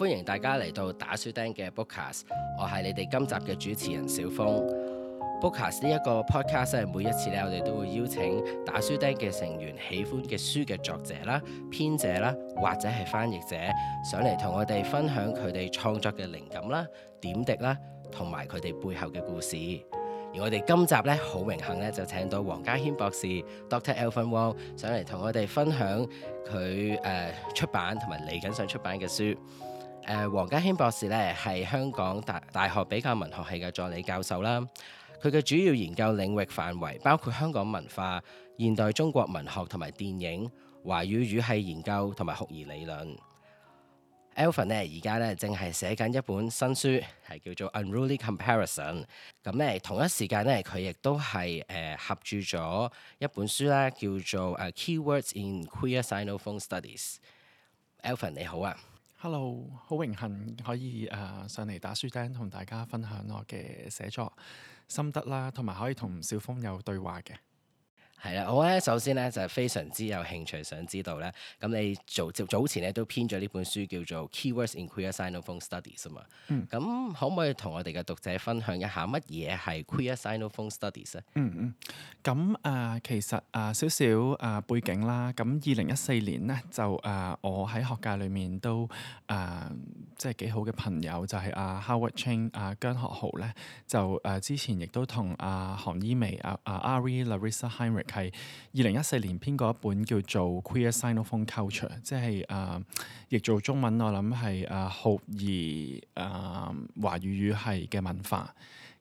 歡迎大家嚟到打書釘嘅 Bookcast，我係你哋今集嘅主持人小風。Bookcast 呢一個 podcast 係每一次咧，我哋都會邀請打書釘嘅成員喜歡嘅書嘅作者啦、編者啦，或者係翻譯者上嚟同我哋分享佢哋創作嘅靈感啦、點滴啦，同埋佢哋背後嘅故事。而我哋今集咧好榮幸咧，就請到黃家軒博士 Doctor Alvin Wong 上嚟同我哋分享佢誒、呃、出版同埋嚟緊想出版嘅書。誒黃、uh, 家軒博士咧係香港大大學比較文學系嘅助理教授啦，佢嘅主要研究領域範圍包括香港文化、現代中國文學同埋電影、華語語系研究同埋酷兒理論。Alvin 咧而家咧正係寫緊一本新書，係叫做 Un ison,《Unruly Comparison》。咁咧同一時間咧，佢亦都係誒合著咗一本書啦，叫做《誒 Keywords in Queer Sinophone g Studies》。Alvin 你好啊！hello，好榮幸可以誒、呃、上嚟打書釘同大家分享我嘅寫作心得啦，同埋可以同小風有對話嘅。係啦，我咧首先咧就非常之有興趣，想知道咧，咁你早早前咧都編咗呢本書叫做《Keywords in Queer Sinophone Studies》啊嘛。咁、嗯、可唔可以同我哋嘅讀者分享一下乜嘢係 Queer Sinophone Studies 咧？嗯嗯。咁啊，其實啊、呃、少少啊背景啦，咁二零一四年咧就啊、呃，我喺學界裏面都啊、呃，即係幾好嘅朋友就係、是、啊 Howard Chang 啊姜學豪咧，就誒、呃、之前亦都同啊韓依薇啊啊 Ari Larissa Heinrich。係二零一四年編過一本叫做 Queer Sinophone Culture, Yeah.《Queer Sinophone Culture》，即係誒，譯做中文我諗係誒酷兒誒華語語系嘅文化。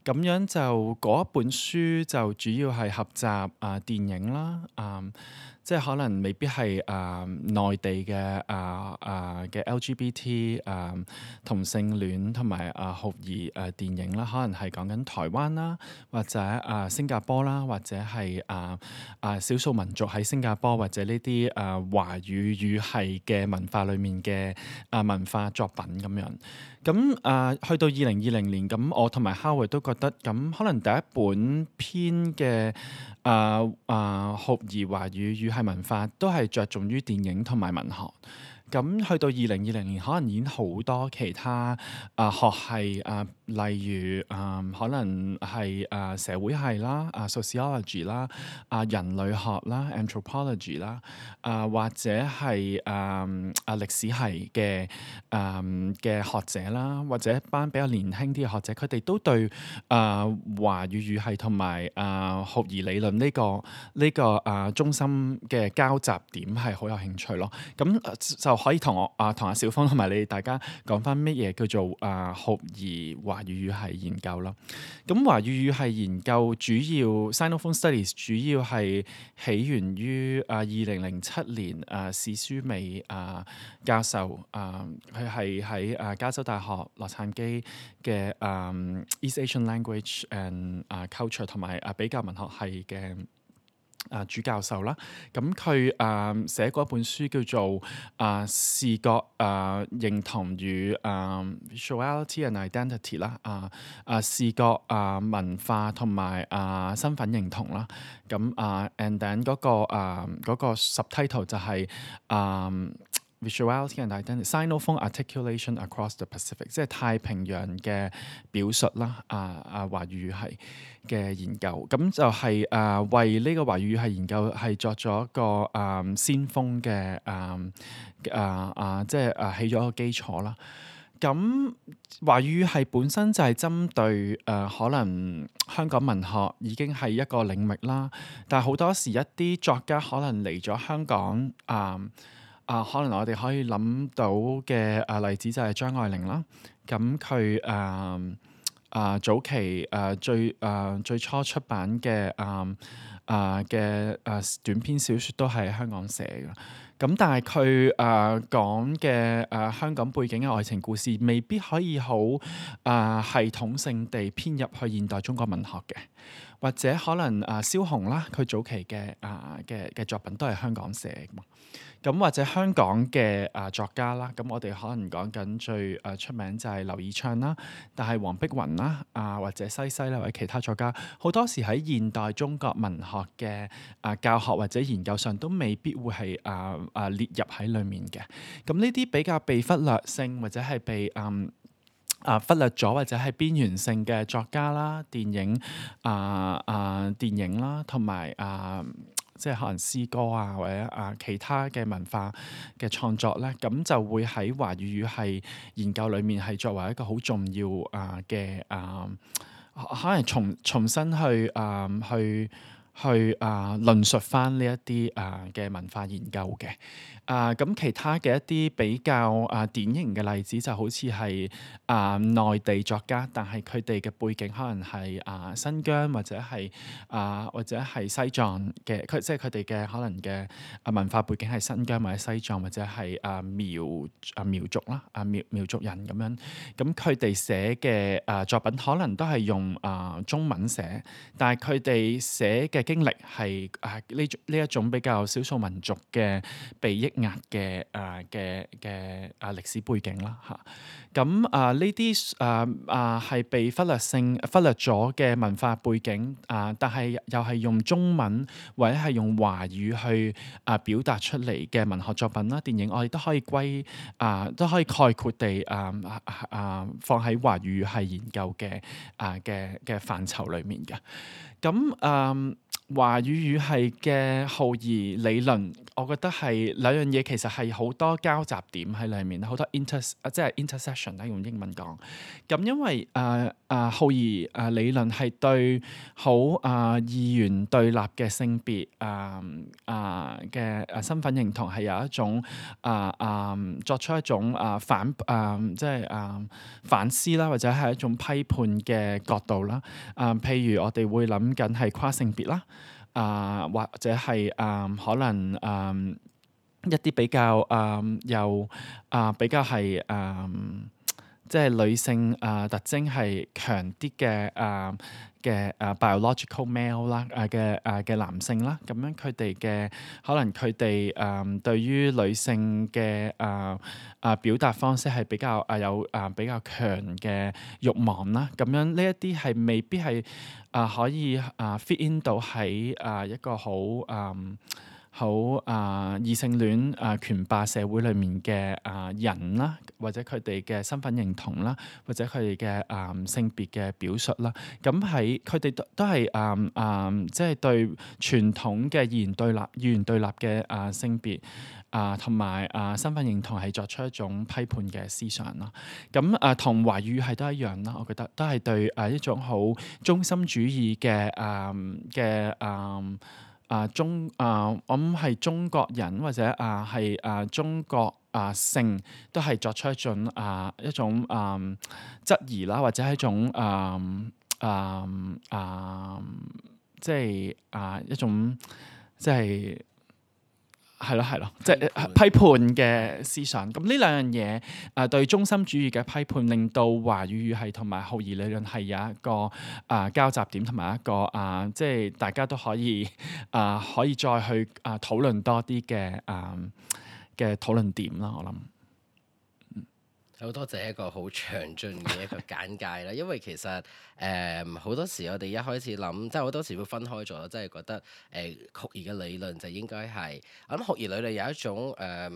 咁樣就嗰一本書就主要係合集誒、uh, 電影啦，誒、um,。即係可能未必係誒內地嘅誒誒、呃、嘅、呃、LGBT 誒、呃、同性戀同埋誒酷兒誒電影啦，可能係講緊台灣啦，或者誒、呃、新加坡啦，或者係誒誒少數民族喺新加坡或者呢啲誒華語語系嘅文化裏面嘅誒、呃、文化作品咁樣。咁誒、呃、去到二零二零年，咁我同埋哈維都覺得，咁可能第一本篇嘅。啊啊！酷、uh, uh, 兒華語語系文化都係着重於電影同埋文學。咁去到二零二零年，可能已經好多其他啊、呃、學系啊、呃，例如啊、呃，可能係啊、呃、社會系啦，啊 sociology 啦，啊人類學啦 anthropology 啦，啊、呃、或者係誒啊歷史系嘅誒嘅學者啦，或者一班比較年輕啲嘅學者，佢哋都對啊、呃、華語語系同埋啊酷兒理論呢、這個呢、這個啊、呃、中心嘅交集點係好有興趣咯。咁、嗯呃、就可以同我啊，同阿小風同埋你大家講翻乜嘢叫做啊，酷兒華語語系研究啦。咁華語語系研究主要 Sinophone Studies 主要係起源於啊，二零零七年啊，史書美啊教授啊，佢係喺啊加州大學洛杉磯嘅啊 East Asian Language and 啊 Culture 同埋啊比較文學系嘅。啊，主教授啦，咁佢啊寫過一本書叫做《啊視覺啊，同啊，identity，啊，啊，視覺啊，啊認同與啊 Visuality and Identity》啦，啊啊視覺啊文化同埋啊身份認同啦，咁啊，and then 嗰個啊嗰個 subtitle 就係啊。那個 Visuality and Identity, Sinophone articulation across the Pacific，即係太平洋嘅表述啦，啊啊華語系嘅研究，咁就係、是、誒、啊、為呢個華語系研究係作咗一個誒、嗯、先鋒嘅誒誒誒，即係誒、啊、起咗個基礎啦。咁、啊、華語系本身就係針對誒、啊、可能香港文學已經係一個領域啦，但係好多時一啲作家可能嚟咗香港誒。啊啊，可能我哋可以諗到嘅啊例子就係張愛玲啦。咁佢誒誒早期誒、啊、最誒、啊、最初出版嘅誒誒嘅誒短篇小説都係香港寫嘅。咁、啊、但係佢誒講嘅誒、啊、香港背景嘅愛情故事，未必可以好誒、啊、系統性地編入去現代中國文學嘅。或者可能啊蕭紅啦，佢早期嘅啊嘅嘅作品都係香港寫嘅嘛。咁、啊、或者香港嘅啊作家啦，咁我哋可能講緊最誒、啊、出名就係劉以鬯啦，但係黃碧雲啦，啊或者西西啦，或者其他作家，好多時喺現代中國文學嘅啊教學或者研究上都未必會係啊啊列入喺裡面嘅。咁呢啲比較被忽略性或者係被啊。嗯啊！忽略咗或者係邊緣性嘅作家啦、電影啊啊、電影啦，同埋啊，即係可能詩歌啊，或者啊其他嘅文化嘅創作咧，咁就會喺華語語系研究裏面係作為一個好重要啊嘅啊，可能重重新去啊去。去啊論、呃、述翻呢一啲啊嘅文化研究嘅。啊咁其他嘅一啲比較啊、呃、典型嘅例子就好似係啊內地作家，但係佢哋嘅背景可能係啊、呃、新疆或者係啊、呃、或者係西藏嘅，佢即係佢哋嘅可能嘅啊文化背景係新疆或者西藏或者係啊苗啊苗族啦啊苗苗族人咁樣，咁佢哋寫嘅啊作品可能都係用啊、呃、中文寫，但係佢哋寫嘅。經歷係啊呢種呢一種比較少數民族嘅被抑壓嘅啊嘅嘅啊歷史背景啦嚇，咁啊呢啲啊啊係被忽略性忽略咗嘅文化背景啊，但係又係用中文或者係用華語去啊表達出嚟嘅文學作品啦、啊、電影，我哋都可以歸啊都可以概括地啊啊放喺華語語系研究嘅啊嘅嘅範疇裡面嘅，咁啊。嗯啊華語語系嘅酷兒理論，我覺得係兩樣嘢，其實係好多交集點喺裡面，好多 inter 即係 intersection 啦，用英文講。咁因為誒誒酷兒理論係對好誒二元對立嘅性別誒誒嘅身份認同係有一種誒誒、呃呃、作出一種誒、呃、反誒、呃、即係誒、呃、反思啦，或者係一種批判嘅角度啦。誒、呃、譬如我哋會諗緊係跨性別啦。啊、呃，或者係啊、呃，可能啊、呃，一啲比較啊，又、呃、啊、呃，比較係啊、呃，即係女性啊、呃、特徵係強啲嘅啊。呃嘅誒、uh, biological male 啦，誒嘅誒嘅男性啦，咁樣佢哋嘅可能佢哋誒對於女性嘅誒誒表達方式係比較誒、uh, 有誒、uh, 比較強嘅欲望啦，咁樣呢一啲係未必係誒、uh, 可以誒、uh, fit in 到喺誒、uh, 一個好誒。Um, 好啊！異性戀啊，權霸社會裏面嘅啊人啦，或者佢哋嘅身份認同啦、啊，或者佢哋嘅啊性別嘅表述啦，咁喺佢哋都都係啊啊，即係對傳統嘅二元對立、二元對立嘅啊性別啊同埋啊身份認同係作出一種批判嘅思想啦。咁啊，同、啊、華語系都一樣啦，我覺得都係對啊一種好中心主義嘅啊嘅啊。啊中啊，我諗係中國人或者啊係啊中國啊性都係作出一種啊一種啊質疑啦，或者係一種啊啊即啊即係啊一種即係。係咯係咯，即係批判嘅思想。咁呢兩樣嘢啊、呃，對中心主義嘅批判，令到華語語系同埋酷兒理論係有一個啊、呃、交集點，同埋一個啊、呃，即係大家都可以啊、呃，可以再去啊、呃、討論多啲嘅啊嘅討論點啦。我諗。好多謝一個好詳盡嘅一個簡介啦， 因為其實誒好、呃、多時我哋一開始諗，即係好多時會分開咗，即係覺得誒酷兒嘅理論就應該係，我諗酷兒理論有一種誒、呃，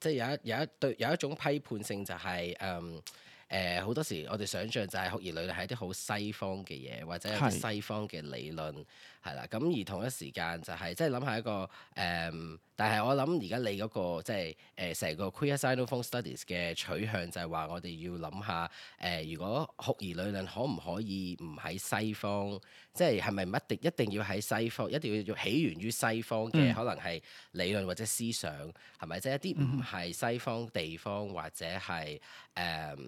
即係有一有一對有，有一種批判性就係誒誒好多時我哋想象就係酷兒理論係啲好西方嘅嘢，或者有啲西方嘅理論。係啦，咁而同一時間就係、是、即係諗下一個誒、嗯，但係我諗而家你、那個即係誒成個 Queer Sinophone Studies 嘅取向就係話我哋要諗下誒、呃、如果酷兒理論可唔可以唔喺西方，即係係咪唔一定一定要喺西方，一定要起源於西方嘅可能係理論或者思想係咪？即係、就是、一啲唔係西方地方或者係誒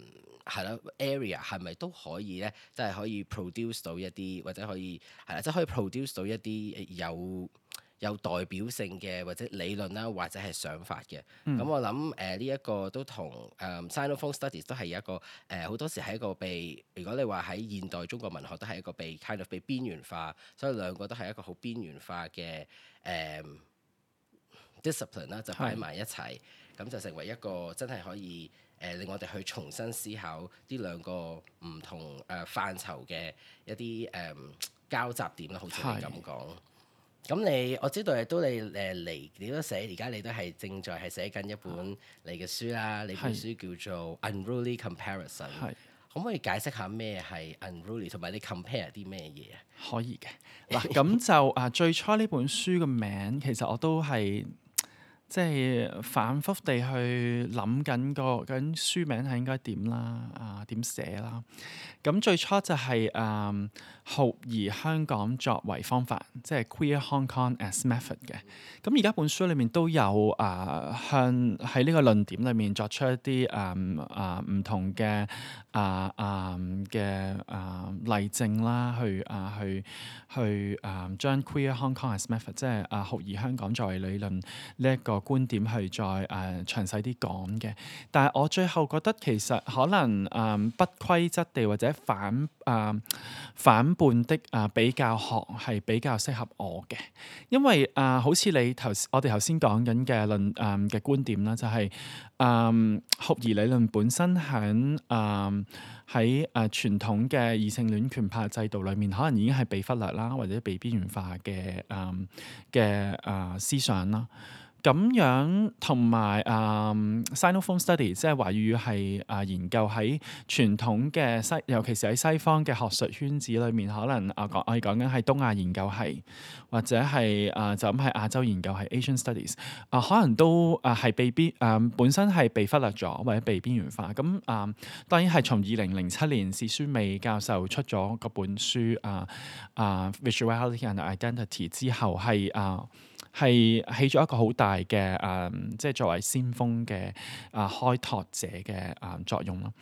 係咯 area 係咪都可以咧？即、就、係、是、可以 produce 到一啲或者可以係啦，即係、就是、可以 produce。到一啲有有代表性嘅或者理論啦，或者係想法嘅。咁、嗯、我諗誒呢一個都同誒 Sinophone Studies 都係一個誒好多時係一個被如果你話喺現代中國文學都係一個被 kind of 被邊緣化，所以兩個都係一個好邊緣化嘅誒 discipline 啦，嗯、Dis ine，就擺埋一齊，咁是的 就成為一個真係可以誒、呃、令我哋去重新思考呢兩個唔同誒範疇嘅一啲誒。嗯交集點啦，好似你咁講。咁是你我知道亦都你誒嚟你都寫？而家你都係正在係寫緊一本你嘅書啦。是你本書叫做 un ison, 是《Unruly Comparison》，係可唔可以解釋下咩係 un《Unruly》？同埋你 compare 啲咩嘢啊？可以嘅。嗱咁就啊，最初呢本書嘅名其實我都係。即係反覆地去諗緊個究竟書名係應該點啦，啊點寫啦？咁、嗯、最初就係誒酷兒香港作為方法，即係 Queer Hong Kong as Method 嘅。咁而家本書裏面都有啊向喺呢個論點裏面作出一啲誒、嗯、啊唔同嘅啊啊嘅啊，啊例證啦，去啊去去啊將 Queer Hong Kong as Method，即係啊酷兒香港作為理論呢一、這個。觀點去再誒詳細啲講嘅，但係我最後覺得其實可能誒、呃、不規則的或者反誒、呃、反叛的誒、呃、比較學係比較適合我嘅，因為誒、呃、好似你頭我哋頭先講緊嘅論誒嘅、呃、觀點啦，就係誒酷兒理論本身喺誒喺誒傳統嘅異性戀權派制度裏面，可能已經係被忽略啦，或者被邊緣化嘅誒嘅誒思想啦。呃咁樣同埋啊，um，Sinophone Study 即係華語語系啊，研究喺傳統嘅西，尤其是喺西方嘅學術圈子裏面，可能啊講我哋講緊係東亞研究系，或者係啊就咁係亞洲研究系 Asian Studies 啊，可能都啊係被邊啊本身係被忽略咗或者被邊緣化。咁啊，當然係從二零零七年史書美教授出咗嗰本書啊啊 Visuality and Identity 之後係啊。係起咗一個好大嘅誒、呃，即係作為先鋒嘅啊開拓者嘅、呃、作用咯。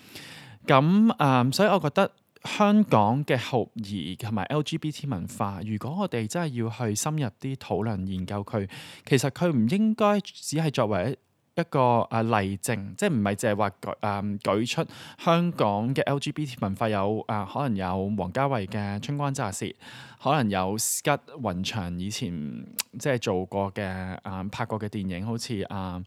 咁、嗯、啊、呃，所以我覺得香港嘅酷兒同埋 LGBT 文化，如果我哋真係要去深入啲討論研究佢，其實佢唔應該只係作為一。一個誒、呃、例證，即係唔係淨係話舉誒舉出香港嘅 LGBT 文化有誒可能有王家衛嘅《春光乍洩》，可能有 Scud 雲翔以前即係做過嘅誒、呃、拍過嘅電影，好似誒《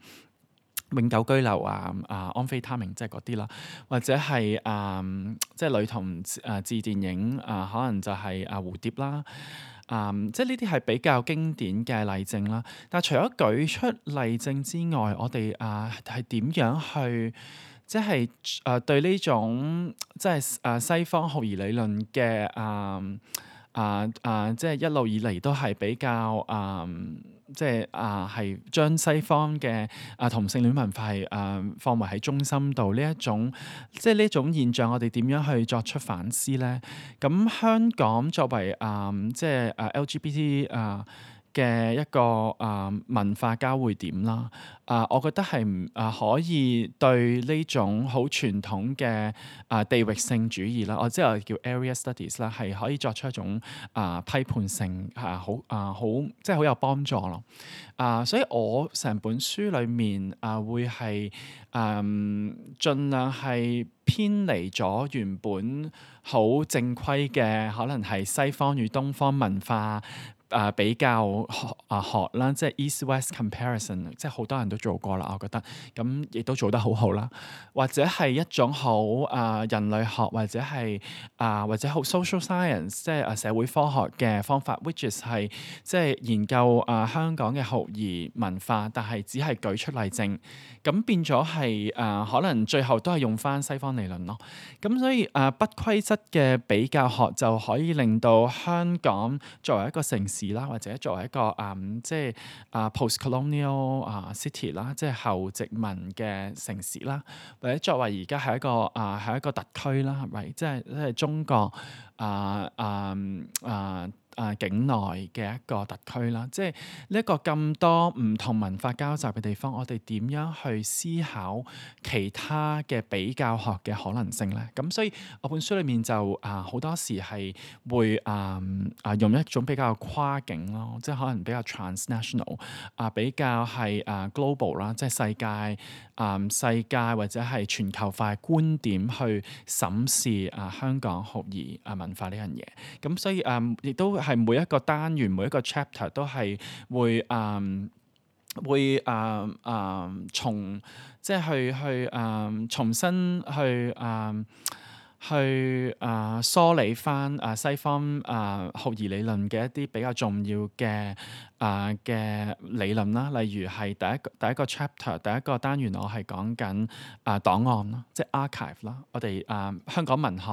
永久居留》啊、誒《安非他命》即係嗰啲啦，或者係誒、呃、即係女同誒志電影誒、呃，可能就係誒蝴蝶啦。啊，um, 即係呢啲係比較經典嘅例證啦。但係除咗舉出例證之外，我哋啊係點樣去即係、呃、啊對呢種即係啊西方學而理論嘅啊啊啊即係一路以嚟都係比較啊。即係啊，係將西方嘅啊同性戀文化係誒、啊、放為喺中心度呢一種，即係呢一種現象，我哋點樣去作出反思咧？咁香港作為誒、啊，即係誒 LGBT 誒、啊。嘅一個誒文化交匯點啦，啊，我覺得係啊可以對呢種好傳統嘅啊地域性主義啦，我即係叫 Area Studies 啦，係可以作出一種啊批判性啊好啊好即係好有幫助咯。啊，所以我成本書裡面啊會係誒盡量係偏離咗原本好正規嘅可能係西方與東方文化啊比較學啊學啦，即係 East-West comparison，即係好多人都做過啦，我覺得，咁、嗯、亦都做得好好啦。或者係一種好啊人類學或者係啊或者好 social science，即係啊社會科學嘅方法，which is 係即係研究啊香港嘅酷兒文化，但係只係舉出例證。咁變咗係誒，可能最後都係用返西方理論咯。咁所以誒、呃，不規則嘅比較學就可以令到香港作為一個城市啦，或者作為一個誒、嗯，即係啊 post-colonial 啊 city 啦，即係後殖民嘅城市啦，或者作為而家係一個啊係一個特區啦，係、right? 咪？即係即係中國啊啊！啊境內嘅一個特區啦，即係呢一個咁多唔同文化交集嘅地方，我哋點樣去思考其他嘅比較學嘅可能性咧？咁所以我本書裏面就啊好多時係會啊啊用一種比較跨境咯、啊，即係可能比較 transnational 啊，比較係啊 global 啦、啊，即係世界啊世界或者係全球化觀點去審視啊香港酷兒啊文化呢樣嘢。咁所以啊，亦都係。每一個單元，每一個 chapter 都係會啊、呃，會啊，啊、呃呃，重即係去去啊、呃，重新去啊。呃去啊、呃、梳理翻啊西方啊酷兒理論嘅一啲比較重要嘅啊嘅理論啦，例如係第一個第一個 chapter 第一個單元我，我係講緊啊檔案啦，即係 archive 啦。我哋啊香港文學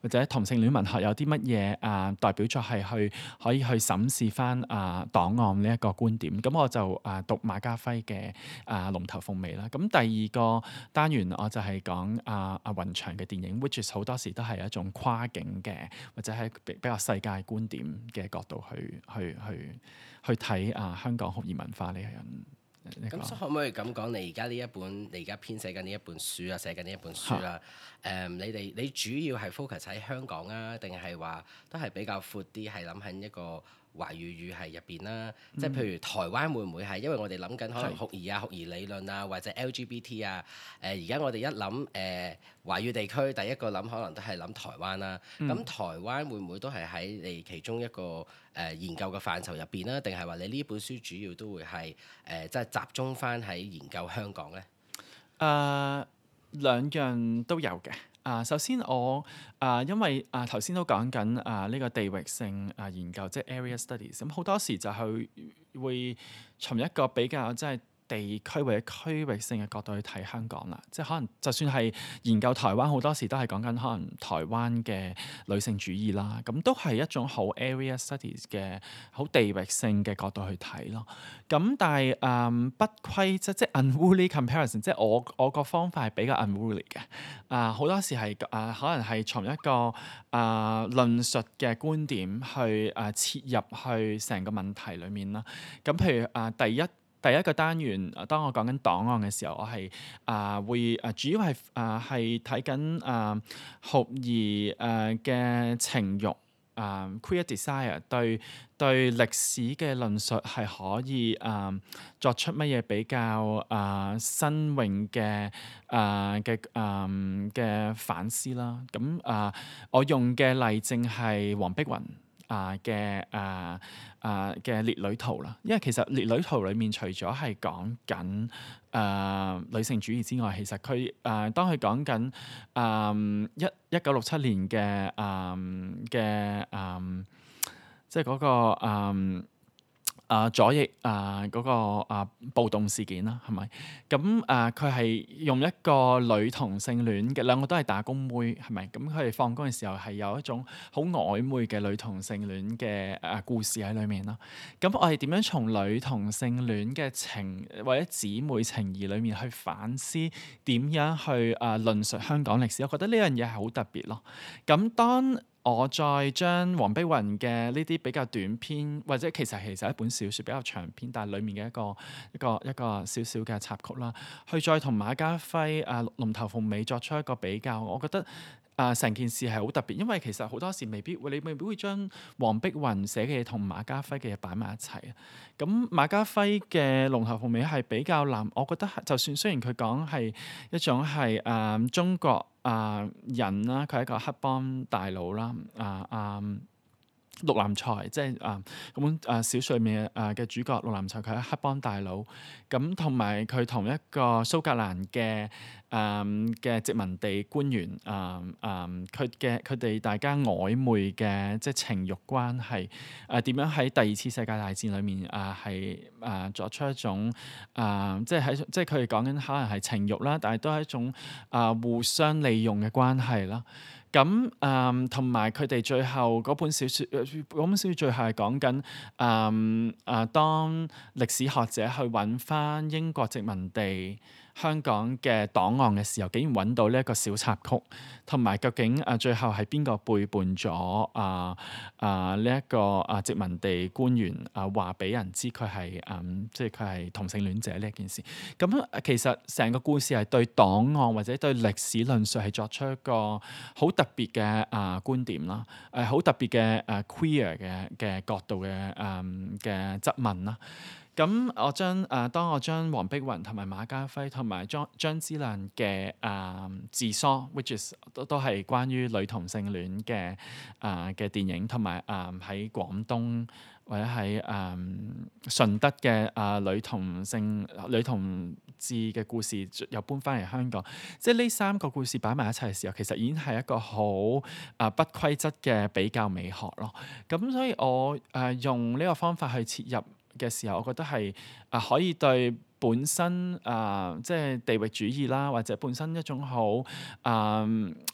或者同性戀文學有啲乜嘢啊代表作係去可以去審視翻啊檔案呢一個觀點，咁我就啊讀馬家輝嘅啊龍頭鳳尾啦。咁第二個單元我就係講阿阿雲翔嘅電影，which is 好多。當時都係一種跨境嘅，或者係比比較世界觀點嘅角度去去去去睇啊香港酷兒文化呢？人、呢個。咁可唔可以咁講？你而家呢一本，你而家編寫緊呢一本書啊，寫緊呢一本書啊，誒哈、嗯，你哋你主要係 focus 喺香港啊，定係話都係比較闊啲，係諗緊一個？華語語系入邊啦，即係譬如台灣會唔會係因為我哋諗緊可能酷兒啊、酷兒是理論啊，或者 LGBT 啊？誒、呃，而家我哋一諗誒、呃、華語地區，第一個諗可能都係諗台灣啦、啊。咁、嗯、台灣會唔會都係喺你其中一個誒、呃、研究嘅範疇入邊咧？定係話你呢本書主要都會係誒、呃、即係集中返喺研究香港呢？誒、呃、兩樣都有嘅。啊，首先我啊，因為啊頭先都講緊啊呢、呢個地域性啊研究，即係 area studies，咁、嗯、好多時就去會尋一個比較即係。地區或者區域性嘅角度去睇香港啦，即係可能就算係研究台灣，好多時都係講緊可能台灣嘅女性主義啦，咁都係一種好 area studies 嘅好地域性嘅角度去睇咯。咁但係，嗯，不規則即係 unruly comparison，即係我我個方法係比較 unruly 嘅。啊，好多時係啊，可能係從一個啊論述嘅觀點去啊切入去成個問題裡面啦。咁譬如啊，第一。第一個單元，當我講緊檔案嘅時候，我係啊、呃、會啊、呃、主要係啊係睇緊啊酷兒誒嘅、呃、情慾啊 queer、呃 er、desire 對對歷史嘅論述係可以啊、呃、作出乜嘢比較啊、呃、新穎嘅啊嘅啊嘅反思啦。咁、呃、啊，我用嘅例證係黃碧雲啊嘅誒誒嘅烈女圖啦，因為其實烈女圖裡面除咗係講緊誒女性主義之外，其實佢誒、呃、當佢講緊誒一一九六七年嘅誒嘅誒，即係嗰、嗰個、嗯啊、uh，左翼啊嗰、呃那個啊、呃、暴動事件啦，係咪？咁啊佢係用一個女同性戀嘅兩個都係打工妹，係咪？咁佢哋放工嘅時候係有一種好曖昧嘅女同性戀嘅誒、啊、故事喺裡面啦。咁、啊嗯、我哋點樣從女同性戀嘅情或者姊妹情誼裡面去反思點樣去啊、呃、論述香港歷史？我覺得呢樣嘢係好特別咯。咁當我再將黃碧雲嘅呢啲比較短篇，或者其實其實係一本小説比較長篇，但係裡面嘅一個一個一個小小嘅插曲啦，去再同馬家輝誒《龍頭鳳尾》作出一個比較，我覺得。啊！成、呃、件事係好特別，因為其實好多時未必會，你未必會將黃碧雲寫嘅嘢同馬家輝嘅嘢擺埋一齊啊！咁、嗯、馬家輝嘅《龍頭鳳尾》係比較難，我覺得，就算雖然佢講係一種係誒、呃、中國誒、呃、人啦，佢係一個黑幫大佬啦，啊、呃、啊～、呃陸南才即係、嗯嗯、啊咁，啊小説裡面啊嘅主角陸南才佢係黑幫大佬咁，同埋佢同一個蘇格蘭嘅啊嘅殖民地官員啊啊佢嘅佢哋大家曖昧嘅即係情慾關係啊點樣喺第二次世界大戰裡面啊係啊作出一種啊即係喺即係佢哋講緊可能係情慾啦，但係都係一種啊互相利用嘅關係啦。啊咁誒，同埋佢哋最後嗰本小説，嗰本小説最後係講緊誒，啊，當歷史學者去搵返英國殖民地香港嘅檔案嘅時候，竟然揾到呢一個小插曲，同埋究竟啊最後係邊個背叛咗啊啊呢一個啊殖民地官員啊話俾人知佢係嗯即係佢係同性戀者呢一件事，咁、嗯、其實成個故事係對檔案或者對歷史論述係作出一個好特別嘅啊、呃、觀點啦，誒、呃、好特別嘅誒、呃、queer 嘅嘅角度嘅誒嘅質問啦。咁我將誒、呃、當我將黃碧雲同埋馬家輝同埋張張之亮嘅誒自梳，which is 都都係關於女同性戀嘅誒嘅電影，同埋誒喺廣東或者喺誒、呃、順德嘅啊、呃、女同性女同志嘅故事，又搬翻嚟香港。即係呢三個故事擺埋一齊嘅時候，其實已經係一個好啊、呃、不規則嘅比較美學咯。咁所以我誒、呃、用呢個方法去切入。嘅時候，我覺得係啊、呃，可以對本身啊、呃，即係地域主義啦，或者本身一種好啊啊、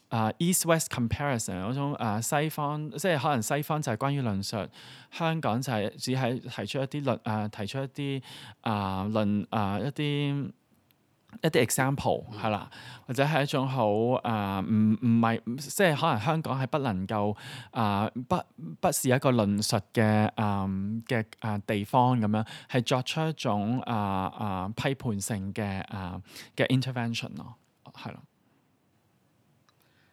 呃、East-West comparison 嗰種啊、呃、西方，即係可能西方就係關於論述，香港就係只係提出一啲論啊、呃，提出一啲啊、呃、論啊、呃、一啲。一啲 example 係啦，或者係一種好誒唔唔係，即係可能香港係不能夠誒、呃、不不是一個論述嘅誒嘅誒地方，咁樣係作出一種誒誒、呃呃、批判性嘅誒嘅 intervention 咯，係咯。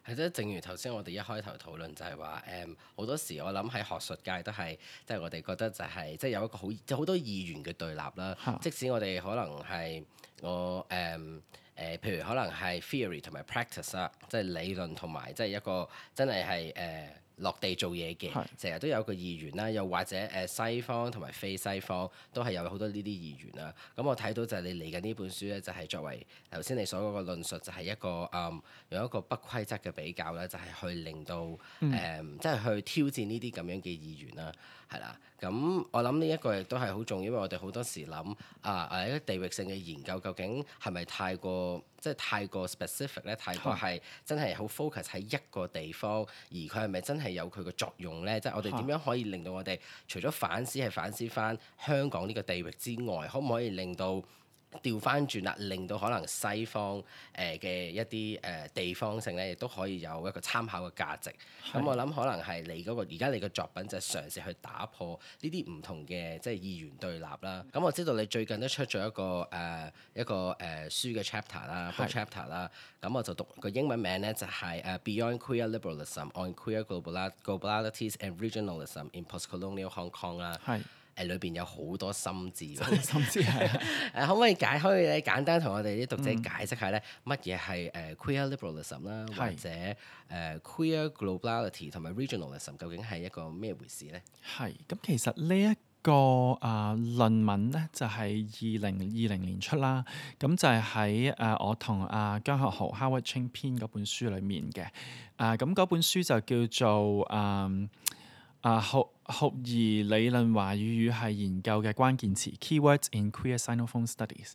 係啫，正如頭先我哋一開頭討論就係、是、話，誒、嗯、好多時我諗喺學術界都係，即、就、係、是、我哋覺得就係、是，即、就、係、是、有一個好，就是、有好多二元嘅對立啦。嗯、即使我哋可能係我誒誒、嗯呃，譬如可能係 theory 同埋 practice 啦，即係理論同埋即係一個真係係誒。呃落地做嘢嘅，成日都有個二元啦，又或者誒西方同埋非西方都係有好多呢啲二元啦。咁我睇到就係你嚟緊呢本書咧，就係作為頭先你所講嘅論述，就係一個誒有、嗯、一個不規則嘅比較咧，就係、是、去令到誒即係去挑戰呢啲咁樣嘅二元啦。係啦，咁、嗯、我諗呢一個亦都係好重要，因為我哋好多時諗啊，誒一個地域性嘅研究究竟係咪太過即係、就是、太過 specific 咧？太過係真係好 focus 喺一個地方，而佢係咪真係有佢嘅作用咧？即、就、係、是、我哋點樣可以令到我哋除咗反思係反思翻香港呢個地域之外，可唔可以令到，調翻轉啦，令到可能西方誒嘅一啲誒地方性咧，亦都可以有一個參考嘅價值。咁的我諗可能係你嗰、那個而家你嘅作品就嘗試去打破呢啲唔同嘅即係二元對立啦。咁的我知道你最近都出咗一個誒、呃、一個誒、呃、書嘅 chapter 啦 book chapter 啦的。咁我就讀個英文名咧就係、是、誒 Beyond Queer Liberalism On Queer Globalities and Regionalism in Postcolonial Hong Kong 啊。誒裏邊有好多深字，深字係誒， 可唔可以解可以咧簡單同我哋啲讀者解釋下咧、嗯，乜嘢係誒 queer liberalism 啦、嗯，或者誒 e、uh, queer globality 同埋 regionalism 究竟係一個咩回事咧？係咁、嗯，其實呢、這、一個啊、呃、論文咧就喺二零二零年出啦，咁就係喺誒我同阿、啊、姜學豪、嗯、Howard 青編嗰本書裡面嘅，啊咁嗰本書就叫做誒啊學。呃呃呃酷兒理論、華語語系研究嘅關鍵詞 keywords in queer Sinophone studies。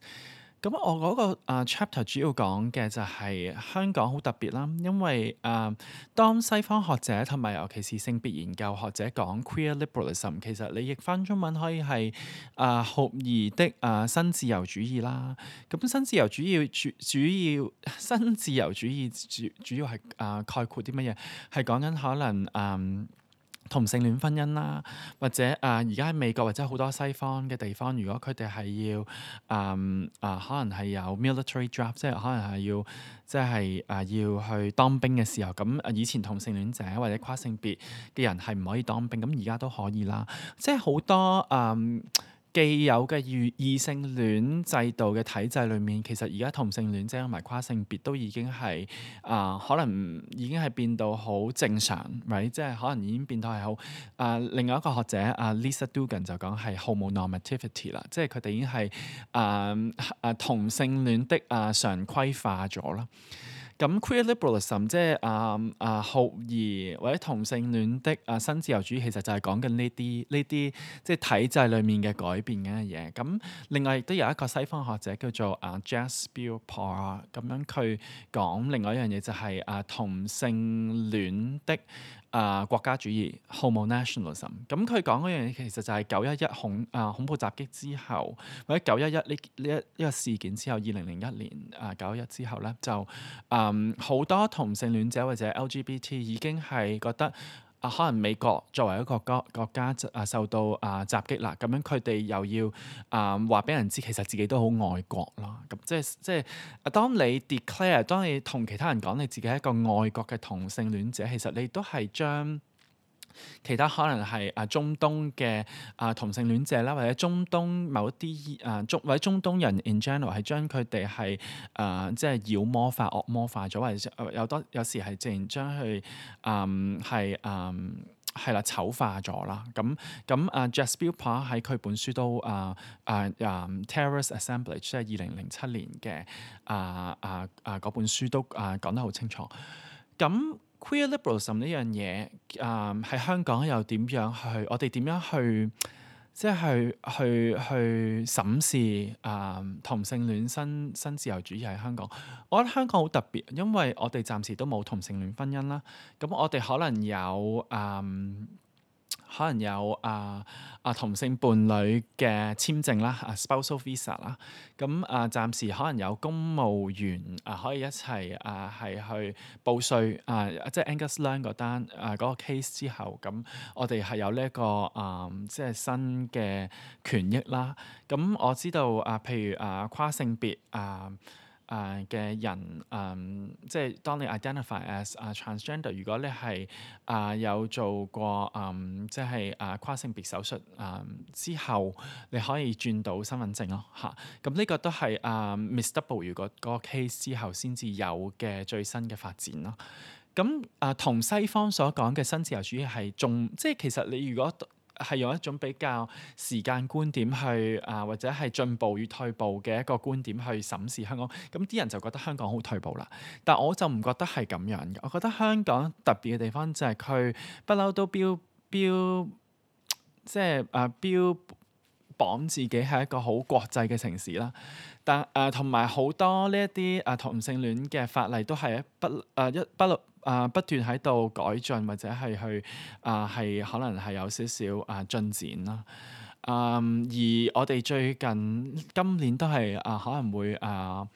咁我嗰、那個啊、uh, chapter 主要講嘅就係香港好特別啦，因為啊，uh, 當西方學者同埋尤其是性別研究學者講 queer liberalism，其實你譯返中文可以係啊、uh, 酷兒的啊、uh, 新自由主義啦。咁新，新自由主義主主要新自由主義主主要係啊概括啲乜嘢？係講緊可能嗯。Um, 同性戀婚姻啦，或者誒而家喺美國或者好多西方嘅地方，如果佢哋係要誒誒、嗯呃，可能係有 military job，即係可能係要即係誒要去當兵嘅時候，咁、嗯、以前同性戀者或者跨性別嘅人係唔可以當兵，咁而家都可以啦，即係好多誒。嗯既有嘅異異性戀制度嘅體制裏面，其實而家同性戀者同埋跨性別都已經係啊、呃，可能已經係變到好正常 r、right? 即係可能已經變到係好啊。另外一個學者啊、呃、Lisa Duggan 就講係 homonormativity 啦，即係佢哋已經係啊啊同性戀的啊、呃、常規化咗啦。咁 queer liberalism 即係、嗯、啊啊酷兒或者同性戀的啊新自由主義其實就係講緊呢啲呢啲即係體制裏面嘅改變嘅嘢。咁、嗯、另外亦都有一個西方學者叫做啊 Jasbir Puar 咁樣佢講另外一樣嘢就係、是、啊同性戀的。啊、呃，國家主義 （homonationalism） 咁、嗯、佢講嗰樣嘢其實就係九一一恐啊、呃、恐怖襲擊之後，或者九一一呢呢一呢個事件之後，二零零一年啊九一一之後咧就嗯好多同性戀者或者 LGBT 已經係覺得。可能美國作為一個國國家，啊受到啊、呃、襲擊啦，咁樣佢哋又要啊話俾人知，其實自己都好愛國啦。咁、嗯、即係即係，當你 declare，當你同其他人講你自己係一個愛國嘅同性戀者，其實你都係將。其他可能係啊，中東嘅啊同性戀者啦，或者中東某啲啊中，或者中東人 in general 係將佢哋係啊，即係妖魔化、惡魔化咗，或者有多有時係直接將佢啊係啊係啦醜化咗啦。咁咁啊 Jasbir Puar 喺佢本書都啊啊，啊 Terrorist Assemblage 即係二零零七年嘅啊啊啊嗰本書都啊講得好清楚。咁 Queer liberalism 呢樣嘢，誒喺、er um, 香港又點樣去？我哋點樣去？即係去去，去審視誒、um, 同性戀新新自由主義喺香港。我覺得香港好特別，因為我哋暫時都冇同性戀婚姻啦。咁我哋可能有誒。Um, 可能有啊啊同性伴侶嘅簽證啦，啊 spousal visa 啦，咁啊暫時可能有公務員啊可以一齊啊係去報稅啊，即係 Angus Leung 嗰單啊嗰個 case 之後，咁我哋係有呢一個啊即係新嘅權益啦。咁我知道啊，譬如啊跨性別啊。誒嘅、呃、人誒、呃，即係當你 identify as、uh, transgender，如果你係啊、呃、有做過誒、呃，即係誒、呃、跨性別手術誒、呃、之後，你可以轉到身份證咯嚇。咁、啊、呢、這個都係啊 Miss W 如果嗰個 case 之後先至有嘅最新嘅發展咯。咁、嗯、啊、呃，同西方所講嘅新自由主義係仲即係其實你如果。係用一種比較時間觀點去啊、呃，或者係進步與退步嘅一個觀點去審視香港，咁啲人就覺得香港好退步啦。但我就唔覺得係咁樣，我覺得香港特別嘅地方就係佢不嬲都標標，即係啊標榜自己係一個好國際嘅城市啦。但啊同埋好多呢一啲啊同性戀嘅法例都係不啊一不啊、呃，不斷喺度改進或者係去啊，係、呃、可能係有少少啊進展啦。嗯，而我哋最近今年都係啊、呃，可能會啊啊、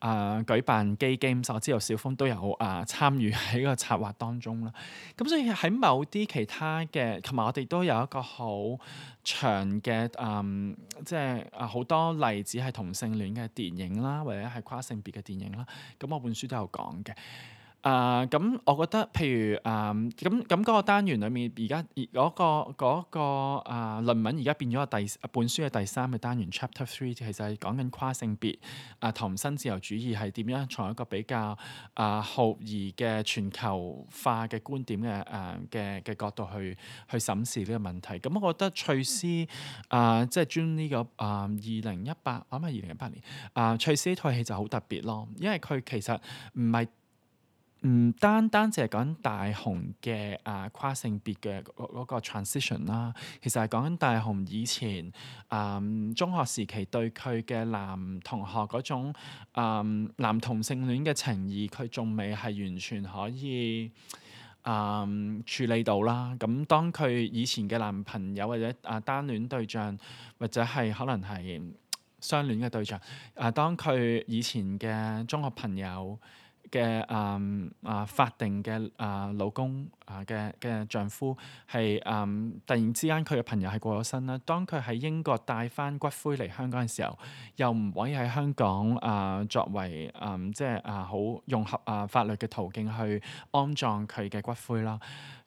呃呃、舉辦 Gay Games，我知道小峰都有啊、呃、參與喺個策劃當中啦。咁、嗯、所以喺某啲其他嘅，同埋我哋都有一個好長嘅嗯，即係啊好多例子係同性戀嘅電影啦，或者係跨性別嘅電影啦。咁我本書都有講嘅。啊，咁、uh, 我覺得，譬如啊，咁咁嗰個單元裏面，而家嗰個嗰、嗰個、uh, 論文而家變咗個第本書嘅第三嘅單元 Chapter Three，其實係講緊跨性別啊同新自由主義係點樣從一個比較啊學而嘅全球化嘅觀點嘅誒嘅嘅角度去去審視呢個問題。咁我覺得翠絲啊，即係專呢個啊二零一八，啱啱二零一八年啊，翠絲呢套戲就好特別咯，因為佢其實唔係。唔單單淨係講大雄嘅啊跨性別嘅嗰個 transition 啦，其實係講緊大雄以前啊、嗯、中學時期對佢嘅男同學嗰種啊、嗯、男同性戀嘅情意，佢仲未係完全可以啊、嗯、處理到啦。咁、嗯、當佢以前嘅男朋友或者啊單戀對象，或者係可能係相戀嘅對象啊，當佢以前嘅中學朋友。嘅誒誒法定嘅誒、啊、老公誒嘅嘅丈夫係誒、嗯、突然之間佢嘅朋友係過咗身啦，當佢喺英國帶翻骨灰嚟香港嘅時候，又唔可以喺香港誒、啊、作為誒、嗯、即係誒好融合啊法律嘅途徑去安葬佢嘅骨灰啦，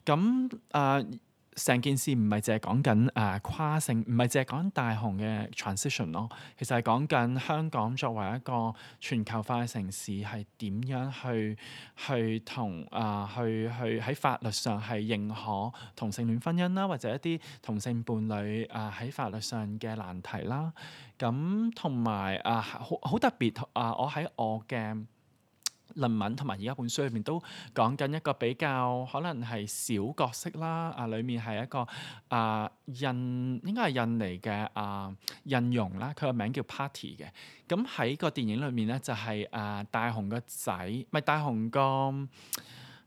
咁、嗯、誒。啊成件事唔係淨係講緊誒跨性，唔係淨係講大雄嘅 transition 咯。其實係講緊香港作為一個全球化嘅城市，係點樣去去同啊去去喺法律上係認可同性戀婚姻啦，或者一啲同性伴侶啊喺法律上嘅難題啦。咁同埋啊，好好特別啊，我喺我嘅論文同埋而家本書裏面都講緊一個比較可能係小角色啦，啊，裏面係一個啊、呃、印，應該係印尼嘅啊、呃、印容啦，佢個名叫 Party 嘅，咁喺個電影裏面呢就係、是、啊、呃、大雄個仔，咪、呃、大雄個。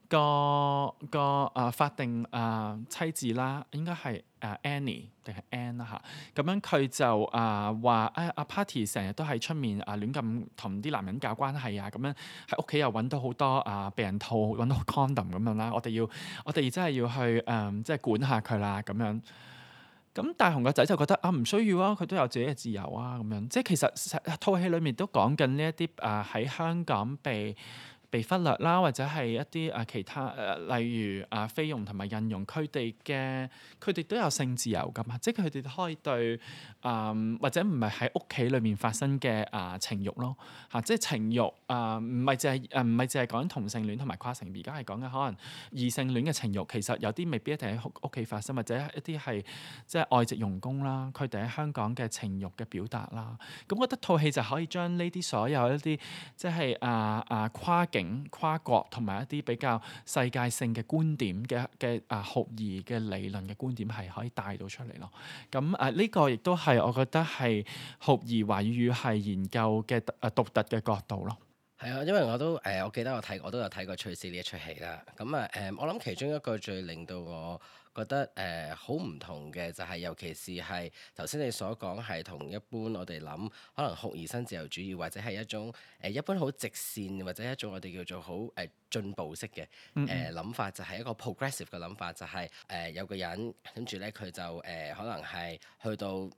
個個誒、啊、法定誒、啊、妻子啦，應該係誒 Annie 定係 Ann 啦、啊、嚇。咁樣佢就誒話誒阿 Party 成日都喺出面誒亂咁同啲男人搞關係啊，咁樣喺屋企又揾到好多誒避孕套，揾到 condom 咁、啊、樣啦、啊。我哋要我哋真係要去誒、啊，即係管下佢啦咁樣。咁、啊啊、大雄個仔就覺得啊，唔需要啊，佢都有自己嘅自由啊咁、啊、樣。即係其實套戲裡面都講緊呢一啲誒喺香港被。被忽略啦，或者係一啲誒、啊、其他誒、呃，例如啊菲傭同埋印傭，佢哋嘅佢哋都有性自由噶嘛，即係佢哋都可以對啊、呃、或者唔係喺屋企裏面發生嘅啊、呃、情欲咯嚇，即係情欲啊唔係淨係誒唔係淨係講同性戀同埋跨性，而家係講緊可能異性戀嘅情欲其實有啲未必一定喺屋企發生，或者一啲係即係外籍傭工啦，佢哋喺香港嘅情欲嘅表達啦，咁我覺得套戲就可以將呢啲所有一啲即係。啊、呃、啊、呃、跨。跨國同埋一啲比較世界性嘅觀點嘅嘅啊酷兒嘅理論嘅觀點係可以帶到出嚟咯。咁啊呢、這個亦都係我覺得係酷兒華語語系研究嘅啊獨特嘅角度咯。係啊，因為我都誒、呃，我記得我睇我都有睇過《趣事》呢一出戲啦。咁啊誒，我諗其中一個最令到我覺得誒好唔同嘅就係、是，尤其是係頭先你所講係同一般我哋諗，可能酷兒新自由主義或者係一種誒、呃、一般好直線或者一種我哋叫做好誒、呃、進步式嘅誒諗法，就係一個 progressive 嘅諗法，就係誒有個人跟住咧佢就誒、呃、可能係去到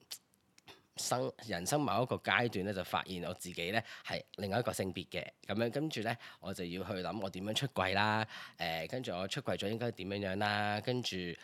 生人生某一個階段咧，就發現我自己咧係另外一個性別嘅咁樣呢，跟住咧我就要去諗我點樣出櫃啦，誒跟住我出櫃咗應該點樣樣啦，跟住誒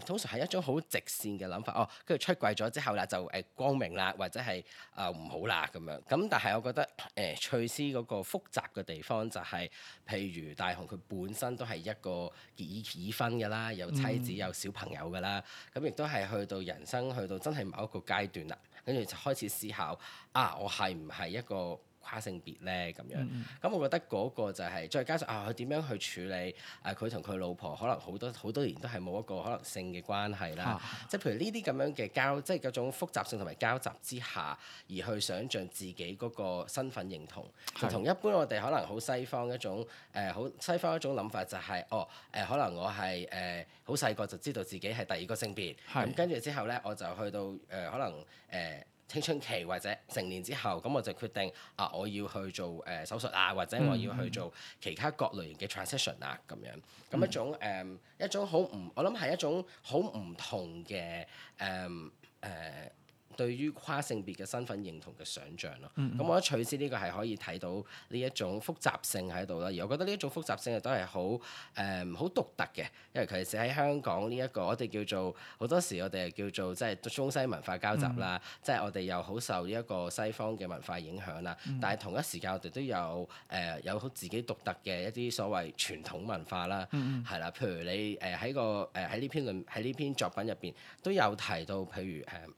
通常係一種好直線嘅諗法，哦跟住出櫃咗之後啦就誒光明啦，或者係誒唔好啦咁樣，咁但係我覺得誒、呃、翠絲嗰個複雜嘅地方就係、是、譬如大雄佢本身都係一個已已婚嘅啦，有妻子有小朋友嘅啦，咁亦、嗯、都係去到人生去到真係某一個階段啦，就開始思考啊，我係唔係一個跨性別咧咁樣，咁我覺得嗰個就係、是，再加上啊，佢點樣去處理啊？佢同佢老婆可能好多好多年都係冇一個可能性嘅關係啦。啊、即係譬如呢啲咁樣嘅交，即係嗰種複雜性同埋交集之下，而去想像自己嗰個身份認同，是就同一般我哋可能好西方一種誒好、呃、西方一種諗法就係、是，哦誒、呃，可能我係誒好細個就知道自己係第二個性別，咁跟住之後咧，我就去到誒、呃、可能誒。呃青春期或者成年之後，咁我就決定啊，我要去做誒、呃、手術啊，或者我要去做其他各類型嘅 transition 啊，咁樣，咁一種誒、嗯嗯，一種好唔，我諗係一種好唔同嘅誒誒。嗯呃對於跨性別嘅身份認同嘅想像咯，咁、嗯嗯、我覺得取之呢個係可以睇到呢一種複雜性喺度啦。而我覺得呢一種複雜性亦都係好誒好獨特嘅，因為其實喺香港呢、這、一個我哋叫做好多時我哋叫做即係、就是、中西文化交集啦，即係、嗯、我哋又好受呢一個西方嘅文化影響啦。嗯、但係同一時間我哋都有誒、呃、有好自己獨特嘅一啲所謂傳統文化啦，係啦、嗯嗯，譬如你誒喺個誒喺呢篇論喺呢篇作品入邊都有提到，譬如誒。嗯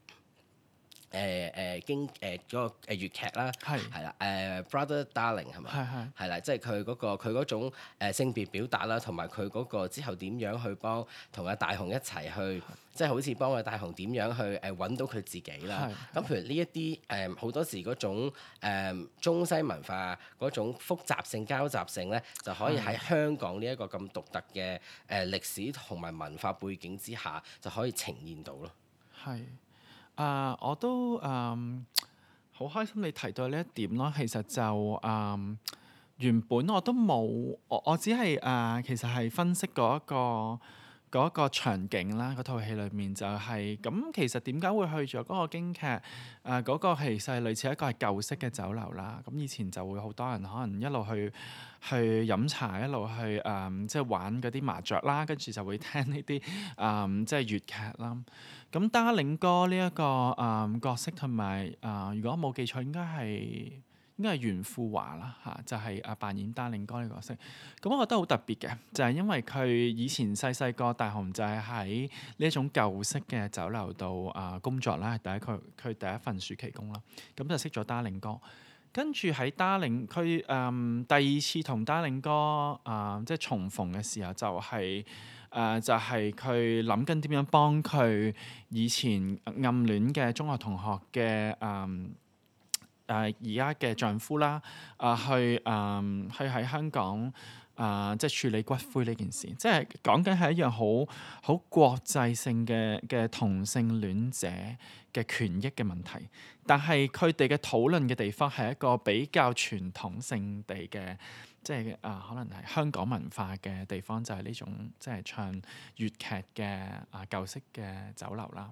誒誒、呃、經誒嗰、呃那個誒粵劇啦，係係啦，誒、呃、Brother Darling 係嘛，係係係啦，的的即係佢嗰個佢嗰種、呃、性別表達啦，同埋佢嗰個之後點樣去幫同阿大雄一齊去，即係的好似幫阿大雄點樣去誒搵到佢自己啦。咁的譬如呢一啲誒好多時嗰種、呃、中西文化嗰、啊、種複雜性交雜性咧，就可以喺香港呢一個咁獨特嘅誒、呃、歷史同埋文化背景之下，就可以呈現到咯。係。啊！Uh, 我都嗯好、um, 開心你提到呢一點咯，其實就嗯、um, 原本我都冇，我我只係誒、uh, 其實係分析過一個。嗰個場景啦，嗰套戲裏面就係咁，其實點解會去咗嗰個京劇？誒，嗰個其實係類似一個係舊式嘅酒樓啦。咁以前就會好多人可能一路去去飲茶，一路去誒，即係玩嗰啲麻雀啦，跟住就會聽呢啲誒，即係粵劇啦。咁 Darling 哥呢一個誒角色同埋誒，如果冇記錯應該係。應該係袁富華啦嚇、啊，就係、是、啊扮演 Darling 哥呢個角色，咁、嗯、我覺得好特別嘅，就係、是、因為佢以前細細個大雄就係喺呢一種舊式嘅酒樓度啊、呃、工作啦，第一佢佢第一份暑期工啦，咁、嗯、就識咗 Darling 哥，跟住喺 Darling 佢誒第二次同 Darling 哥啊即係重逢嘅時候、就是呃，就係誒就係佢諗緊點樣幫佢以前暗戀嘅中學同學嘅誒。嗯誒而家嘅丈夫啦，啊、呃、去誒、呃、去喺香港啊、呃，即係處理骨灰呢件事，即係講緊係一樣好好國際性嘅嘅同性戀者嘅權益嘅問題。但係佢哋嘅討論嘅地方係一個比較傳統性地嘅，即係啊、呃、可能係香港文化嘅地方，就係、是、呢種即係唱粵劇嘅啊舊式嘅酒樓啦。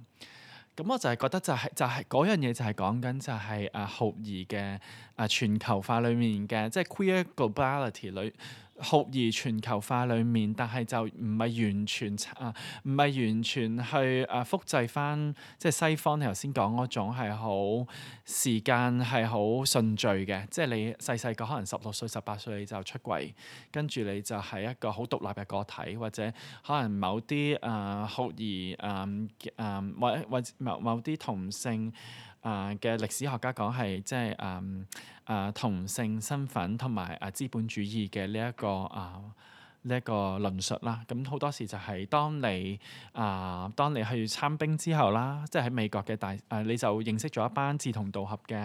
咁、嗯、我就係覺得就係、是、就係、是、嗰樣嘢就係講緊就係誒酷兒嘅誒全球化裡面嘅，即、就、係、是、queer globality 裏。酷兒全球化裏面，但係就唔係完全啊，唔係完全去啊複製翻即係西方頭先講嗰種係好時間係好順序嘅，即係你細細個可能十六歲、十八歲你就出櫃，跟住你就係一個好獨立嘅個體，或者可能某啲啊酷兒啊啊，或或某某啲同性。啊嘅歷史學家講係即係、嗯、啊啊同性身份同埋啊資本主義嘅呢一個啊。呢一個論述啦，咁好多時就係當你啊、呃，當你去參兵之後啦，即係喺美國嘅大、呃，你就認識咗一班志同道合嘅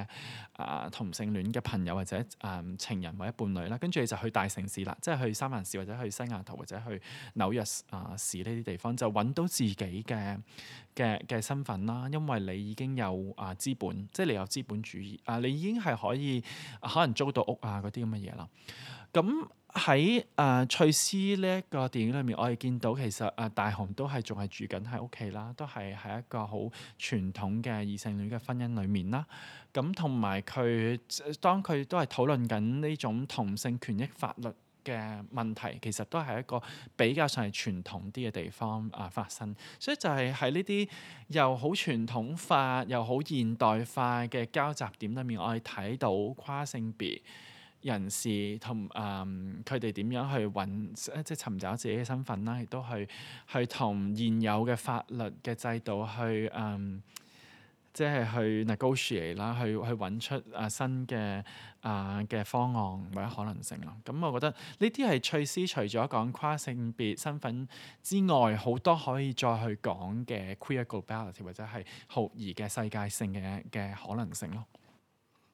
啊、呃、同性戀嘅朋友或者誒、呃、情人或者伴侶啦，跟住你就去大城市啦，即係去三藩市或者去西雅圖或者去紐約啊、呃、市呢啲地方，就揾到自己嘅嘅嘅身份啦，因為你已經有啊資、呃、本，即係你有資本主義啊、呃，你已經係可以可能租到屋啊嗰啲咁嘅嘢啦，咁。嗯喺誒、呃《翠絲》呢一個電影裏面，我哋見到其實誒、呃、大雄都係仲係住緊喺屋企啦，都係喺一個好傳統嘅異性戀嘅婚姻裏面啦。咁同埋佢當佢都係討論緊呢種同性權益法律嘅問題，其實都係一個比較上係傳統啲嘅地方啊發生。所以就係喺呢啲又好傳統化又好現代化嘅交集點裏面，我哋睇到跨性別人士同誒佢哋點樣去揾即係尋找自己嘅身份啦，亦都去去同現有嘅法律嘅制度去誒、嗯，即係去 negotiate 啦，去去揾出啊新嘅啊嘅方案或者可能性咯。咁、嗯、我覺得呢啲係翠絲，除咗講跨性別身份之外，好多可以再去講嘅 queer globality 或者係酷兒嘅世界性嘅嘅可能性咯。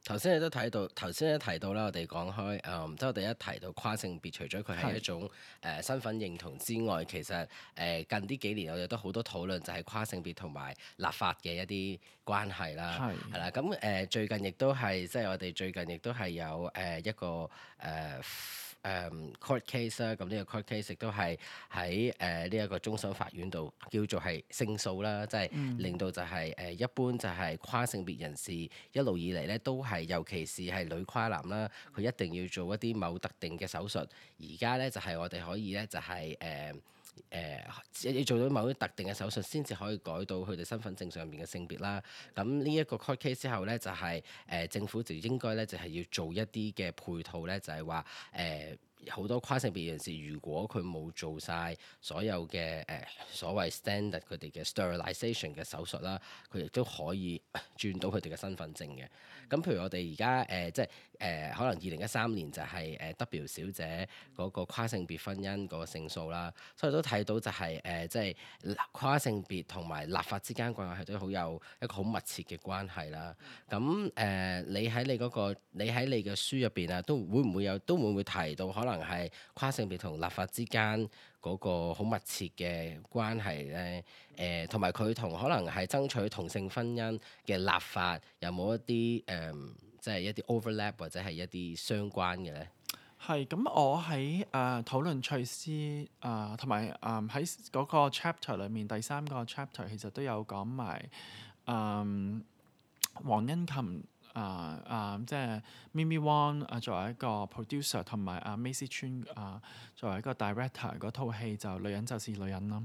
頭先你都睇到，頭先你提到啦，我哋講開，誒即係我哋一提到跨性別，除咗佢係一種誒是、呃、身份認同之外，其實誒、呃、近呢幾年我哋都好多討論就係跨性別同埋立法嘅一啲關係啦，係是啦，咁、嗯、誒、呃、最近亦都係，即係我哋最近亦都係有誒、呃、一個誒。呃誒、um, court case 啦，咁呢個 court case 亦都係喺誒呢一個終審法院度叫做係勝訴啦，即、就、係、是、令到就係、是、誒、uh, 一般就係跨性別人士一路以嚟咧都係，尤其是係女跨男啦，佢一定要做一啲某特定嘅手術。而家咧就係我哋可以咧就係、是、誒。Uh, 誒，要、呃、做到某啲特定嘅手術先至可以改到佢哋身份證上面嘅性別啦。咁呢一個 court case 之後呢、就是，就係誒政府就應該呢，就係要做一啲嘅配套呢，就係話誒。好多跨性別人士，如果佢冇做晒所有嘅誒、呃、所謂 standard 佢哋嘅 sterilization 嘅手術啦，佢亦都可以轉到佢哋嘅身份證嘅。咁、嗯、譬如我哋而家誒即係誒、呃、可能二零一三年就係、是、誒、呃、W 小姐個跨性別婚姻個勝訴啦，所以都睇到就係誒即係跨性別同埋立法之間關係都好有一個好密切嘅關係啦。咁誒、呃、你喺你嗰、那個，你喺你嘅書入邊啊，都會唔會有，都會唔會提到可能？係跨性別同立法之間嗰個好密切嘅關係咧，誒同埋佢同可能係爭取同性婚姻嘅立法有冇一啲誒，即、呃、係、就是、一啲 overlap 或者係一啲相關嘅咧？係咁，我喺誒、呃、討論趣思誒同埋誒喺嗰個 chapter 裏面第三個 chapter 其實都有講埋誒黃恩琴。啊啊，即係 Mimi Wan 啊，作為一個 producer，同埋啊 Macy 川啊，作為一個 director，嗰套戲就《女人就是女人》啦。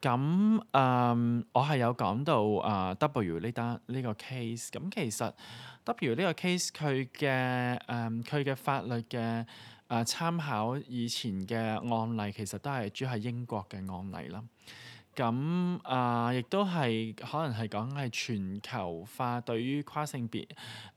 咁啊，我係有講到啊 W 呢單呢個 case，啊。咁其實 W 呢個 case 佢嘅誒佢嘅法律嘅誒、啊、參考以前嘅案例，其實都係主要係英國嘅案例啦。咁啊、呃，亦都係可能係講，係全球化對於跨性別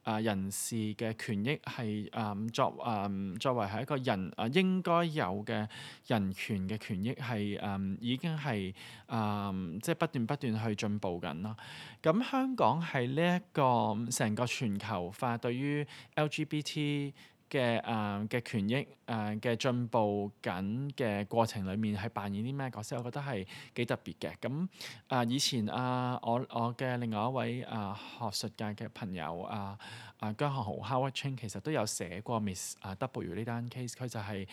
啊、呃、人士嘅權益係啊、呃，作啊、呃、作為係一個人啊、呃、應該有嘅人權嘅權益係誒、呃、已經係啊、呃、即係不斷不斷去進步緊咯。咁香港係呢一個成個全球化對於 LGBT。嘅誒嘅權益誒嘅、啊、進步緊嘅過程裡面係扮演啲咩角色？我覺得係幾特別嘅。咁誒、啊、以前啊，我我嘅另外一位誒、啊、學術界嘅朋友啊啊姜學豪 Howard Ching 其實都有寫過 Miss 誒 W 呢單 case。佢就係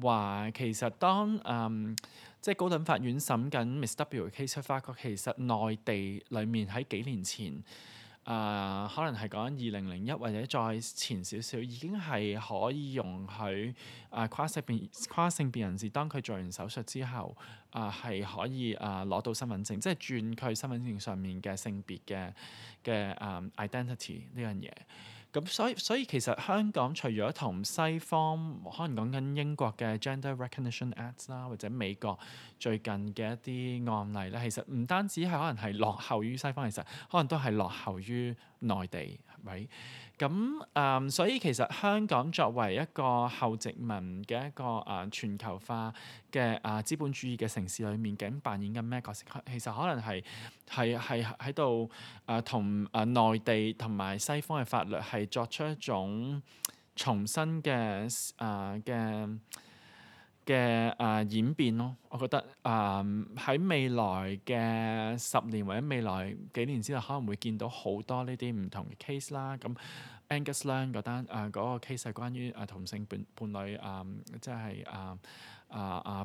話其實當誒即係高等法院審緊 Miss W 嘅 case，出發覺其實內地裡面喺幾年前。誒、呃、可能係講二零零一或者再前少少，已經係可以容許誒、呃、跨性別人士當佢做完手術之後，誒、呃、係可以誒攞、呃、到身份證，即係轉佢身份證上面嘅性別嘅嘅誒 identity 呢樣嘢。咁所以所以其實香港除咗同西方可能講緊英國嘅 Gender Recognition Act 啦，或者美國最近嘅一啲案例咧，其實唔單止係可能係落後於西方，其實可能都係落後於內地，係咪？咁誒、嗯，所以其實香港作為一個後殖民嘅一個誒、啊、全球化嘅誒、啊、資本主義嘅城市裏面，究竟扮演緊咩角色？其實可能係係係喺度誒同誒、啊、內地同埋西方嘅法律係作出一種重新嘅誒嘅、啊嘅誒演變咯，我覺得誒喺、嗯、未來嘅十年或者未來幾年之後，可能會見到好多呢啲唔同嘅 case 啦。咁、嗯、Angus Leung 嗰單嗰、呃嗰個 case 係關於誒同性伴伴侶誒，即係誒誒誒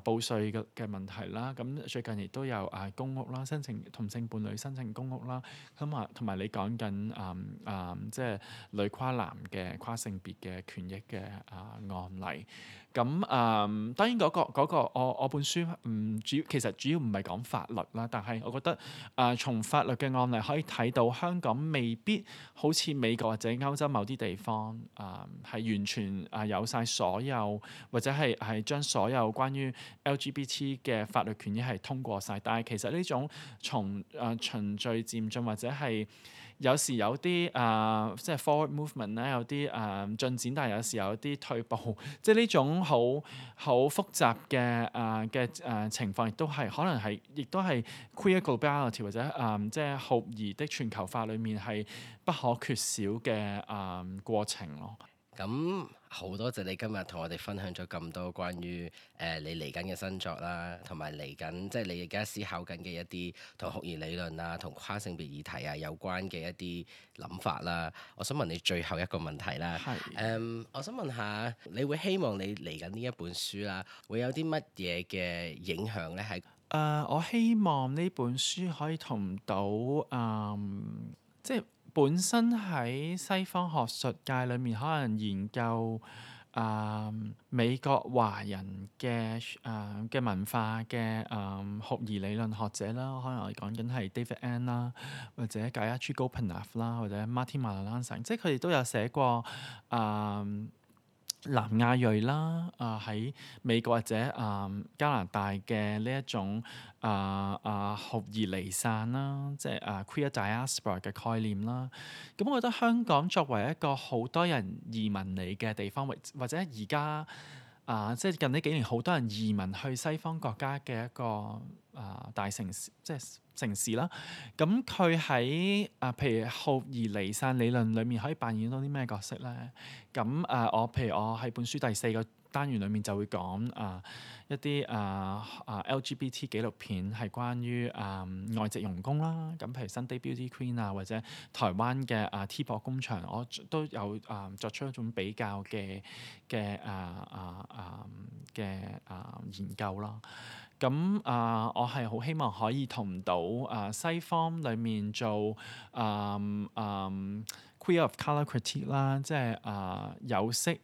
報稅嘅嘅問題啦。咁、嗯、最近亦都有誒、啊、公屋啦，申請同性伴侶申請公屋啦。咁啊，同埋你講緊誒誒，即係女跨男嘅跨性別嘅權益嘅誒、啊、案例。咁誒，當然嗰、嗰個、嗰個、我我本書唔、嗯、主要其實主要唔係講法律啦。但係我覺得誒，從、呃、法律嘅案例可以睇到香港未必好似美國或者歐洲某啲地方誒，係、呃、完全誒有晒所有或者係係將所有關於 LGBT 嘅法律權益係通過晒。但係其實呢種從誒、呃、循序漸進或者係。有時有啲誒、呃，即係 forward movement 啦，有啲誒進展，但係有時有啲退步，即係呢種好好複雜嘅誒嘅誒情況，亦都係可能係，亦都係、queer、globality 或者誒、呃、即係酷兒的全球化裏面係不可缺少嘅誒、呃、過程咯。咁好多謝你今日同我哋分享咗咁多關於誒、呃、你嚟緊嘅新作啦，同埋嚟緊即係你而家思考緊嘅一啲同酷兒理論啊、同跨性別議題啊有關嘅一啲諗法啦。我想問你最後一個問題啦，誒是，um, 我想問下你會希望你嚟緊呢一本書啦，會有啲乜嘢嘅影響咧？係誒、呃，我希望呢本書可以同到誒、嗯，即係。本身喺西方學術界裏面，可能研究啊、呃、美國華人嘅啊嘅文化嘅啊、呃、酷兒理論學者啦，可能我哋講緊係 David Eng 啦，或者 Gayatri Gopinath 啦，或者 Martin Manalansan，an, 即係佢哋都有寫過啊。呃南亞裔啦，啊、呃、喺美國或者啊、呃、加拿大嘅呢一種啊啊學異離散啦，即係啊 queer、呃 er、diaspora 嘅概念啦。咁、啊、我覺得香港作為一個好多人移民嚟嘅地方，或或者而家啊即係近呢幾年好多人移民去西方國家嘅一個。啊、呃，大城市即係城市啦，咁佢喺啊，譬如後而離散理論裏面可以扮演到啲咩角色咧？咁、嗯、誒、啊，我譬如我喺本書第四個。單元裡面就會講、呃呃、啊一啲啊啊 LGBT 紀錄片係關於啊、呃、外籍傭工啦，咁譬如《Sunday Beauty Queen》啊，或者台灣嘅啊 T 婆工場，我都有啊、呃、作出一種比較嘅嘅、呃、啊啊啊嘅啊研究啦。咁、嗯、啊、呃，我係好希望可以同到啊、呃、西方裡面做啊啊、呃呃、Queer of Color Critique 啦，即係啊、呃、有色。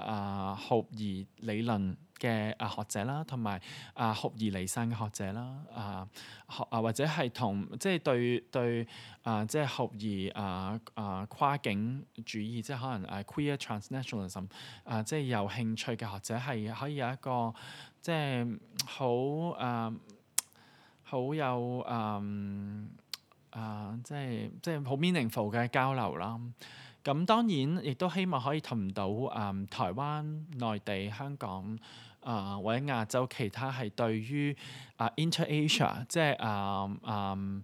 啊，酷兒理論嘅啊學者啦，同埋啊酷兒離散嘅學者啦，啊學啊或者係同即係對對啊即係酷兒啊啊跨境主義，即係可能啊 queer transnationalism 啊，即係有興趣嘅學者係可以有一個即係好啊好有啊啊即係即係好 meaningful 嘅交流啦。啊咁當然，亦都希望可以同到誒、嗯、台灣、內地、香港啊、呃，或者亞洲其他係對於、呃 Inter-Asia，呃呃、啊 Inter-Asia，即係誒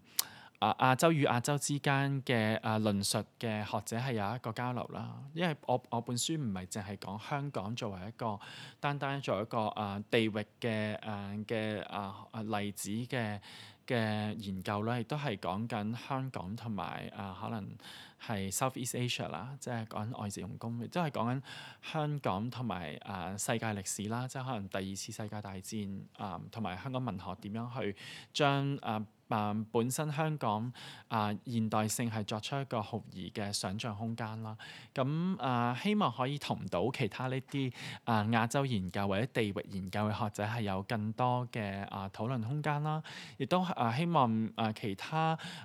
誒亞洲與亞洲之間嘅誒、呃、論述嘅學者係有一個交流啦。因為我我本書唔係淨係講香港作為一個單單作為一個誒、呃、地域嘅誒嘅誒誒例子嘅嘅研究啦，亦都係講緊香港同埋誒可能。係 South East Asia 啦，即係講緊外籍傭工，亦即係講緊香港同埋誒世界歷史啦，即係可能第二次世界大戰啊，同埋，呃，香港文學點樣去將啊。呃啊，本身香港啊、呃、現代性係作出一個酷兒嘅想像空間啦。咁啊、呃，希望可以同到其他呢啲啊亞洲研究或者地域研究嘅學者係有更多嘅啊、呃、討論空間啦。亦都啊、呃、希望啊、呃、其他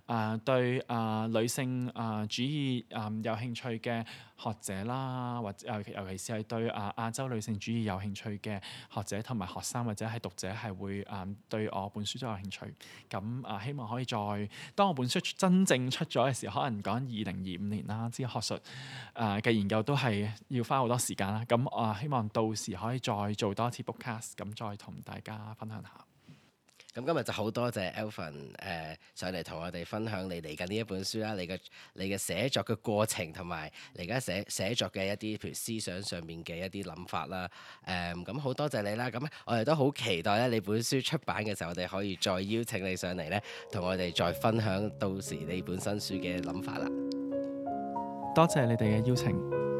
啊、呃、對啊、呃、女性啊、呃、主義啊、呃、有興趣嘅學者啦，或者尤其尤其是係對亞亞洲女性主義有興趣嘅學者同埋學生或者係讀者係會誒對我本書都有興趣。咁啊，希望可以再當我本書真正出咗嘅時候，可能講二零二五年啦，之學術，誒嘅研究都係要花好多時間啦。咁啊，希望到時可以再做多一次 bookcast，咁再同大家分享下。咁今日就好多謝 Alvin 誒、呃、上嚟同我哋分享你嚟緊呢一本書啦，你嘅你嘅寫作嘅過程同埋你而家寫寫作嘅一啲譬如思想上面嘅一啲諗法啦，誒咁好多謝你啦！咁我哋都好期待咧，你本書出版嘅時候，我哋可以再邀請你上嚟咧，同我哋再分享到時你本新書嘅諗法啦。多謝你哋嘅邀請。